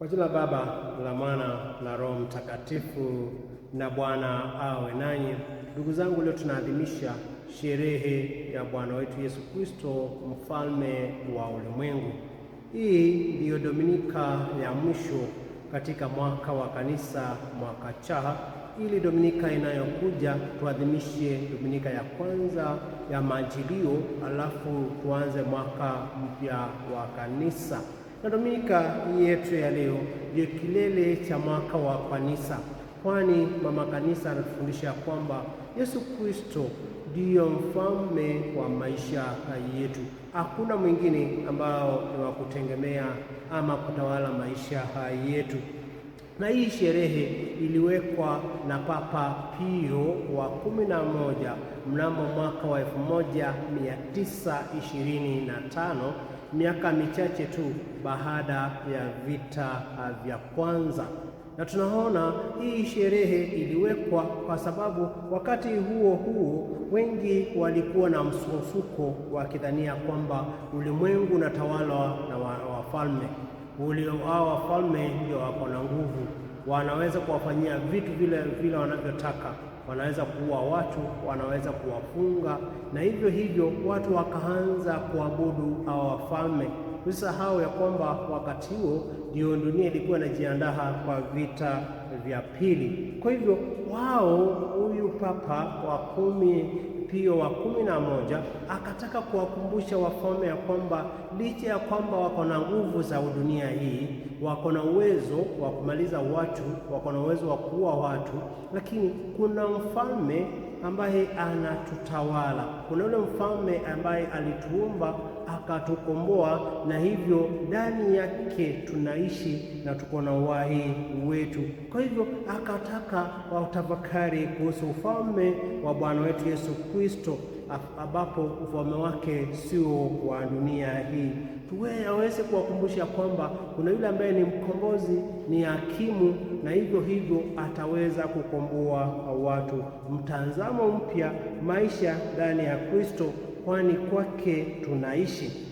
Kwa jina la Baba la Mwana na Roho Mtakatifu, na Bwana awe nanyi. Ndugu zangu, leo tunaadhimisha sherehe ya Bwana wetu Yesu Kristo, mfalme wa ulimwengu. Hii ndiyo dominika ya mwisho katika mwaka wa kanisa, mwaka chaha, ili dominika inayokuja tuadhimishe dominika ya kwanza ya Majilio, alafu tuanze mwaka mpya wa kanisa na dominika yetu ya leo ndiyo kilele cha mwaka wa kanisa, kwani mama kanisa anatufundisha kwamba Yesu Kristo ndiyo mfalme wa maisha yetu. Hakuna mwingine ambao ni wa kutegemea ama kutawala maisha yetu. Na hii sherehe iliwekwa na Papa Pio wa kumi na moja mnamo mwaka wa elfu moja mia tisa ishirini na tano miaka michache tu baada ya vita ah, vya kwanza. Na tunaona hii sherehe iliwekwa kwa sababu wakati huo huo wengi walikuwa na msukosuko wakidhania kwamba ulimwengu unatawalwa na wafalme hao. Wafalme ndio wako na nguvu, wanaweza kuwafanyia vitu vile vile wanavyotaka, wanaweza kuua watu, wanaweza kuwafunga, na hivyo hivyo watu wakaanza kuabudu hao wafalme usisahau ya kwamba wakati huo ndio dunia ilikuwa inajiandaa kwa vita vya pili. Kwa hivyo wao, huyu Papa wa kumi Pio wa kumi na moja akataka kuwakumbusha wafalme ya kwamba licha ya kwamba wako na nguvu za dunia hii, wako na uwezo wa kumaliza watu, wako na uwezo wa kuua watu, lakini kuna mfalme ambaye anatutawala, kuna yule mfalme ambaye alituumba akatukomboa, na hivyo ndani yake tunaishi na tuko na uhai wetu. Kwa hivyo akataka watafakari kuhusu ufalme wa Bwana wetu Yesu Kristo, ambapo ufalme wake sio wa dunia hii tuwe aweze kuwakumbusha kwamba kuna yule ambaye ni mkombozi, ni hakimu na hivyo hivyo ataweza kukomboa kwa watu mtazamo mpya, maisha ndani ya Kristo, kwani kwake tunaishi.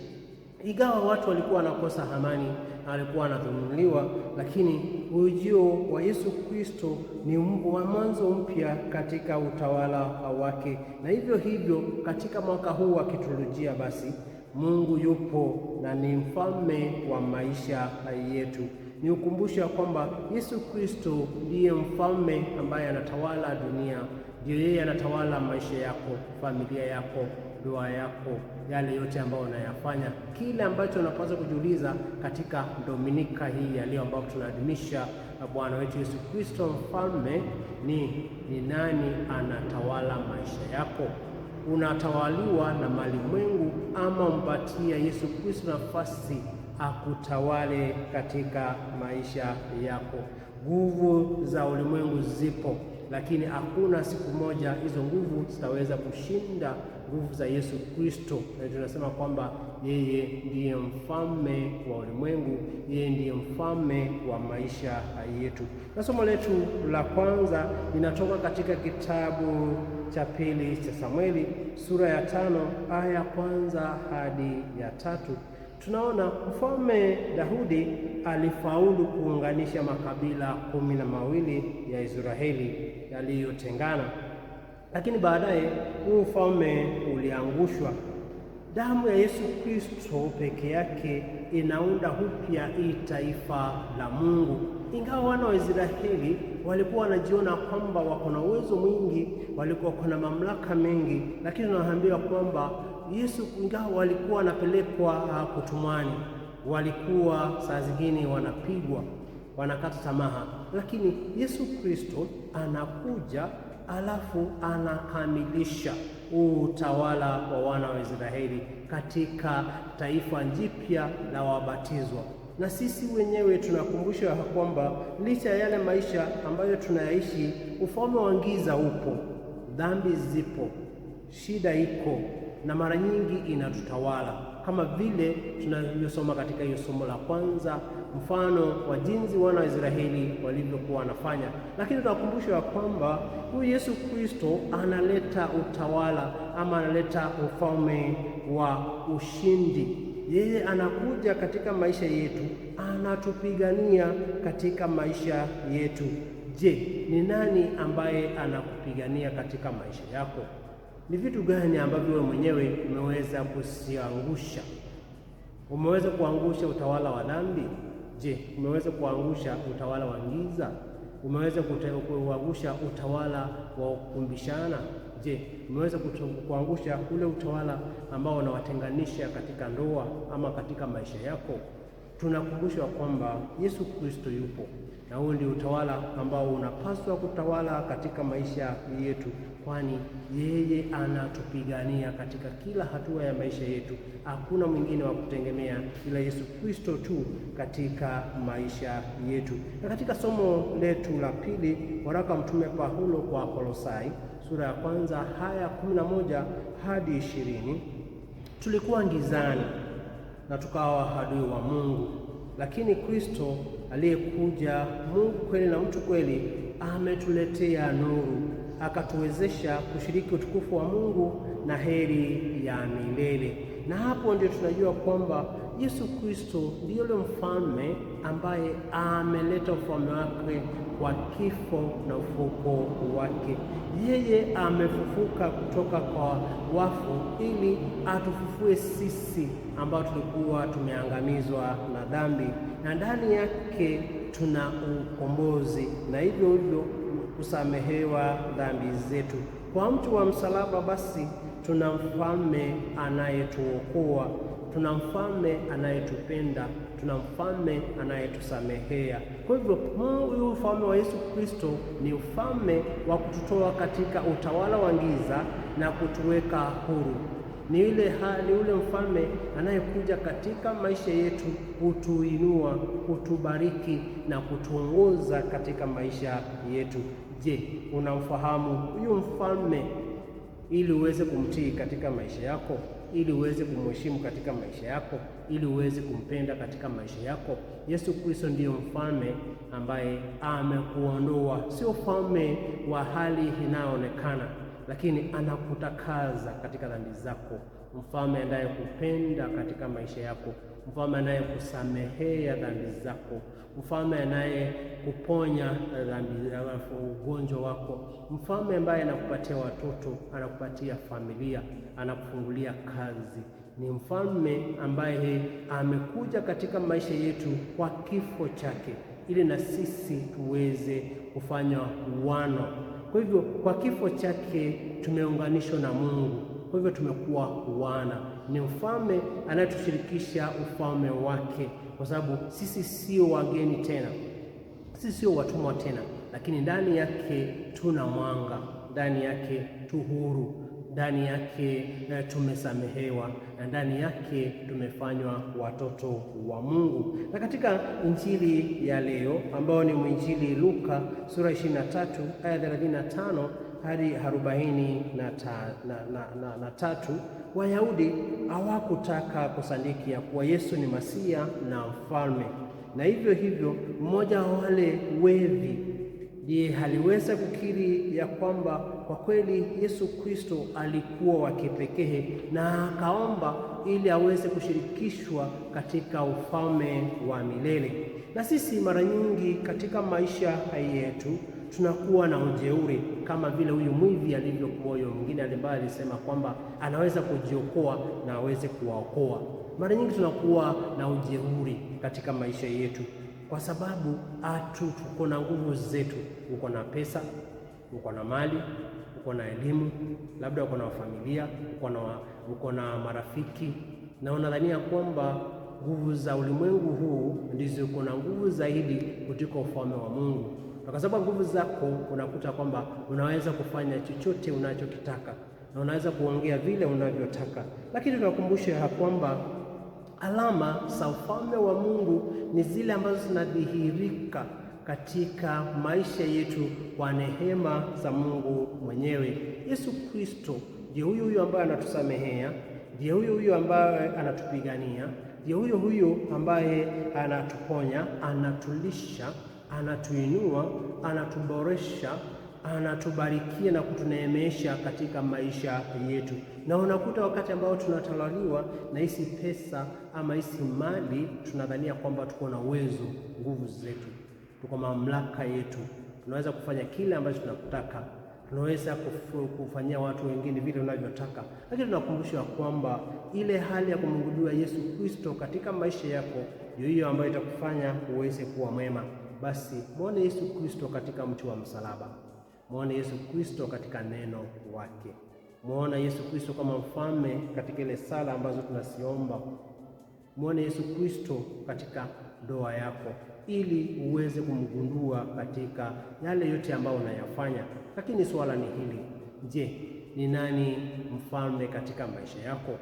Ingawa watu walikuwa wanakosa amani, walikuwa wanadhulumiwa, lakini ujio wa Yesu Kristo ni wa mwanzo mpya katika utawala wake. Na hivyo hivyo katika mwaka huu wa kiturudia, basi Mungu yupo na ni mfalme wa maisha yetu ni ukumbusho ya kwamba Yesu Kristo ndiye mfalme ambaye anatawala dunia, ndiyo yeye anatawala maisha yako, familia yako, ndoa yako, yale yote ambayo unayafanya. Kile ambacho unapaswa kujiuliza katika Dominika hii ya leo ambapo tunaadhimisha Bwana wetu Yesu Kristo mfalme, ni ni nani anatawala maisha yako? Unatawaliwa na malimwengu ama umpatia Yesu Kristo nafasi akutawale katika maisha yako. Nguvu za ulimwengu zipo, lakini hakuna siku moja hizo nguvu zitaweza kushinda nguvu za Yesu Kristo, na tunasema kwamba yeye ndiye mfalme wa ulimwengu, yeye ndiye mfalme wa maisha yetu. Na somo letu la kwanza linatoka katika kitabu cha pili cha Samueli sura ya tano aya ya kwanza hadi ya tatu tunaona mfalme Daudi alifaulu kuunganisha makabila kumi na mawili ya Israeli yaliyotengana, lakini baadaye huu ufalme uliangushwa. Damu ya Yesu Kristo peke yake inaunda upya hii taifa la Mungu. Ingawa wana wa Israeli walikuwa wanajiona kwamba wako na uwezo mwingi, walikuwa na mamlaka mengi, lakini tunaambiwa kwamba Yesu ingawa walikuwa wanapelekwa ah, kutumwani, walikuwa saa zingine wanapigwa, wanakata tamaha, lakini Yesu Kristo anakuja alafu anakamilisha utawala wa wana wa Israeli katika taifa jipya la wabatizwa. Na sisi wenyewe tunakumbushwa kwamba licha ya yale maisha ambayo tunayaishi, ufalme wa giza upo, dhambi zipo, shida iko na mara nyingi inatutawala kama vile tunavyosoma katika hiyo somo la kwanza, mfano wa jinsi wana wa Israeli walivyokuwa wanafanya. Lakini tunakumbushwa ya kwamba huyu Yesu Kristo analeta utawala ama analeta ufalme wa ushindi. Yeye anakuja katika maisha yetu, anatupigania katika maisha yetu. Je, ni nani ambaye anakupigania katika maisha yako? ni vitu gani ambavyo wewe mwenyewe umeweza kusiangusha? Umeweza kuangusha utawala wa dhambi? Je, umeweza kuangusha utawala wa giza? Umeweza kuangusha utawala wa kukumbishana? Je, umeweza kuangusha ule utawala ambao unawatenganisha katika ndoa ama katika maisha yako? Tunakumbushwa kwamba Yesu Kristo yupo na huo ndio utawala ambao unapaswa kutawala katika maisha yetu kwani yeye anatupigania katika kila hatua ya maisha yetu. Hakuna mwingine wa kutegemea ila Yesu Kristo tu katika maisha yetu. Na katika somo letu la pili, waraka Mtume Paulo kwa Kolosai sura ya kwanza haya kumi moja hadi ishirini tulikuwa ngizani na tukawa adui wa Mungu, lakini Kristo aliyekuja Mungu kweli na mtu kweli ametuletea nuru akatuwezesha kushiriki utukufu wa Mungu na heri ya milele. Na hapo ndio tunajua kwamba Yesu Kristo ndiye yule mfalme ambaye ameleta ufalme wake kwa kifo na ufufuko wake. Yeye amefufuka kutoka kwa wafu ili atufufue sisi ambao tulikuwa tumeangamizwa na dhambi, na ndani yake tuna ukombozi, na hivyo hivyo kusamehewa dhambi zetu. Kwa mtu wa msalaba, basi tuna mfalme anayetuokoa, tuna mfalme anayetupenda, tuna mfalme anayetusamehea. Kwa hivyo huyu ufalme wa Yesu Kristo ni ufalme wa kututoa katika utawala wa giza na kutuweka huru. Ni ule hali ule mfalme anayekuja katika maisha yetu kutuinua, kutubariki na kutuongoza katika maisha yetu. Je, unamfahamu huyu mfalme ili uweze kumtii katika maisha yako, ili uweze kumheshimu katika maisha yako, ili uweze kumpenda katika maisha yako. Yesu Kristo ndiyo mfalme ambaye amekuondoa, sio mfalme wa hali inayoonekana, lakini anakutakaza katika dhambi zako, mfalme anayekupenda katika maisha yako mfalme anayekusamehea dhambi zako, mfalme anayekuponya dhambi ugonjwa wako, mfalme ambaye anakupatia watoto, anakupatia familia, anakufungulia kazi. Ni mfalme ambaye amekuja katika maisha yetu kwa kifo chake, ili na sisi tuweze kufanya uwano. Kwa hivyo, kwa kifo chake tumeunganishwa na Mungu. Kwa hivyo tumekuwa wana, ni mfalme anayetushirikisha ufalme wake, kwa sababu sisi sio wageni tena, sisi sio watumwa tena, lakini ndani yake tuna mwanga, ndani yake tu huru ndani yake tumesamehewa na ndani yake tumefanywa watoto wa Mungu. Na katika injili ya leo ambayo ni mwinjili Luka sura 23 aya 35 hadi arobaini na, ta, na, na, na, na tatu Wayahudi hawakutaka kusadiki ya kuwa Yesu ni Masia na mfalme, na hivyo hivyo mmoja wa wale wevi ndiye aliweza kukiri ya kwamba kwa kweli Yesu Kristo alikuwa wa kipekee na akaomba ili aweze kushirikishwa katika ufalme wa milele. Na sisi mara nyingi katika maisha yetu tunakuwa na ujeuri kama vile huyu mwivi alivyokuwa. Huyo mwingine ambaye alisema kwamba anaweza kujiokoa na aweze kuwaokoa. Mara nyingi tunakuwa na ujeuri katika maisha yetu, kwa sababu hatu ah, tuko na nguvu zetu. Uko na pesa, uko na mali, uko na elimu, labda uko na familia, uko na, uko na marafiki, na unadhania kwamba nguvu za ulimwengu huu ndizo uko na nguvu zaidi kuliko ufalme wa Mungu na kwa sababu nguvu zako, unakuta kwamba unaweza kufanya chochote unachokitaka na unaweza kuongea vile unavyotaka, lakini tunakumbusha ya kwamba alama za ufalme wa Mungu ni zile ambazo zinadhihirika katika maisha yetu kwa nehema za Mungu mwenyewe. Yesu Kristo ndiye huyu huyu ambaye anatusamehea, ndiye huyu huyu ambaye anatupigania, ndiye huyu huyu ambaye anatuponya, anatulisha anatuinua, anatuboresha, anatubarikia na kutuneemesha katika maisha yetu. Na unakuta wakati ambao tunatawaliwa na hisi pesa ama hisi mali, tunadhania kwamba tuko na uwezo, nguvu zetu, tuko mamlaka yetu, tunaweza kufanya kile ambacho tunataka, tunaweza kufanyia watu wengine vile unavyotaka. Lakini tunakumbusha kwamba ile hali ya kumngudua Yesu Kristo katika maisha yako ndio hiyo ambayo itakufanya uweze kuwa mwema basi mwone Yesu Kristo katika mti wa msalaba, mwone Yesu Kristo katika neno wake, mwona Yesu Kristo kama mfalme katika ile sala ambazo tunasiomba, mwone Yesu Kristo katika ndoa yako, ili uweze kumgundua katika yale yote ambayo unayafanya. Lakini swala ni hili, je, ni nani mfalme katika maisha yako?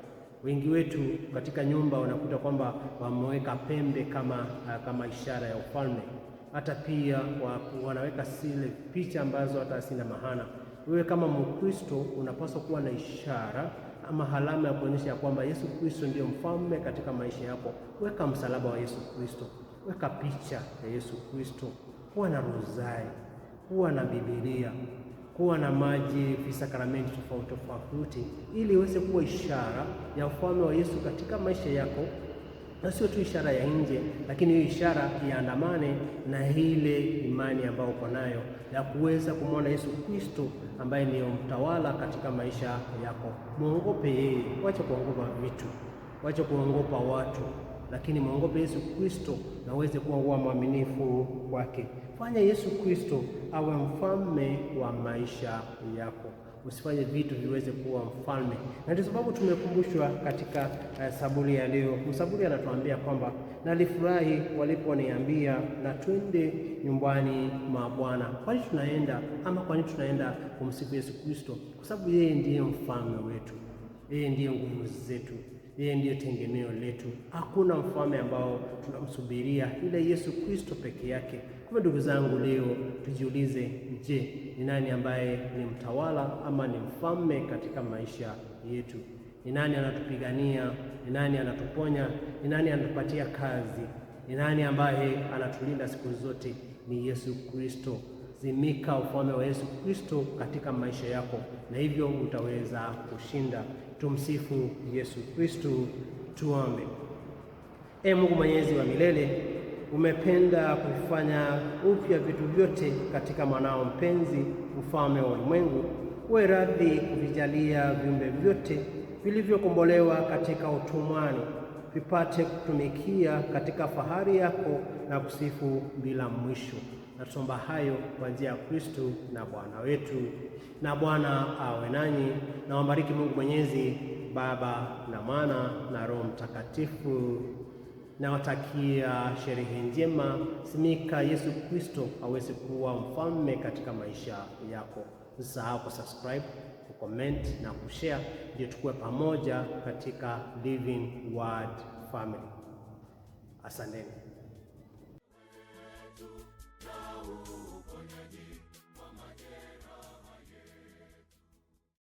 Wengi wetu katika nyumba unakuta kwamba wameweka pembe kama, kama ishara ya ufalme hata pia wanaweka zile picha ambazo hata hazina maana. Wewe kama Mkristo unapaswa kuwa na ishara ama alama ya kuonyesha ya kwamba Yesu Kristo ndiyo mfalme katika maisha yako. Weka msalaba wa Yesu Kristo, weka picha ya Yesu Kristo, kuwa na rozari, kuwa na Biblia, kuwa na maji, visakramenti tofauti tofauti, ili iweze kuwa ishara ya ufalme wa Yesu katika maisha yako na sio tu ishara ya nje, lakini hiyo ishara iandamane na ile imani ambayo uko nayo ya kuweza kumwona Yesu Kristo ambaye ndiyo mtawala katika maisha yako. Muongope yeye, wacha kuongopa vitu, wacha kuongopa watu, lakini muongope Yesu Kristo na uweze kuwa mwaminifu kwake. Fanya Yesu Kristo awe mfalme wa maisha yako usifanye vitu viweze kuwa mfalme, na ndio sababu tumekumbushwa katika uh, saburi ya leo. Msaburi anatuambia kwamba nalifurahi waliponiambia na twende nyumbani mwa Bwana. Kwa nini tunaenda ama kwa nini tunaenda kumsifu Yesu Kristo? Kwa sababu yeye ndiye mfalme wetu, yeye ndiye nguvu zetu yeye ndiye tengeneo letu. Hakuna mfalme ambao tunamsubiria ila Yesu Kristo peke yake. Kwa ndugu zangu, leo tujiulize, je, ni nani ambaye ni mtawala ama ni mfalme katika maisha yetu? Ni nani anatupigania? Ni nani anatuponya? Ni nani anatupatia kazi? Ni nani ambaye anatulinda siku zote? Ni Yesu Kristo. Zimika ufalme wa Yesu Kristo katika maisha yako, na hivyo utaweza kushinda. Tumsifu Yesu Kristo. Tuombe. Ee Mungu mwenyezi wa milele umependa kuvifanya upya vitu vyote katika mwanao mpenzi, mfalme wa ulimwengu, uwe radhi kuvijalia viumbe vyote vilivyokombolewa katika utumwani vipate kutumikia katika fahari yako na kusifu bila mwisho. Natomba hayo kwa njia ya Kristo na Bwana wetu. Na Bwana awe nanyi na wabariki Mungu Mwenyezi, Baba na Mwana na Roho Mtakatifu nawatakia sherehe njema. Simika Yesu Kristo aweze kuwa mfalme katika maisha yako. Usisahau kusubscribe, kucomment na kushare, ndio tukue pamoja katika Living Word Family. Asanteni.